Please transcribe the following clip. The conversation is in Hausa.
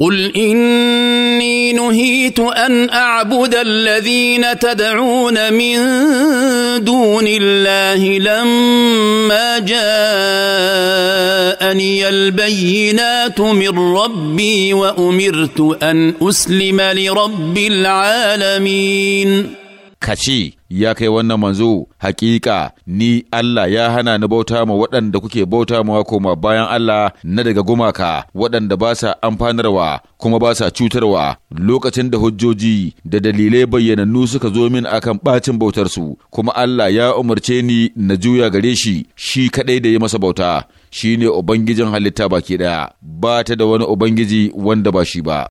قل اني نهيت ان اعبد الذين تدعون من دون الله لما جاءني البينات من ربي وامرت ان اسلم لرب العالمين ka ya kai wannan manzo hakika ni Allah ya hana ni bauta ma waɗanda kuke bauta ma koma bayan Allah na daga gumaka waɗanda ba sa amfanarwa kuma ba sa cutarwa lokacin da hujjoji da dalilai bayyana nu suka zo min akan bacin bautarsu kuma Allah ya umarce ni na juya gare shi shi kaɗai da ya masa bauta shine ubangijin halitta baki ɗaya ba ta da wani ubangiji wanda ba shi ba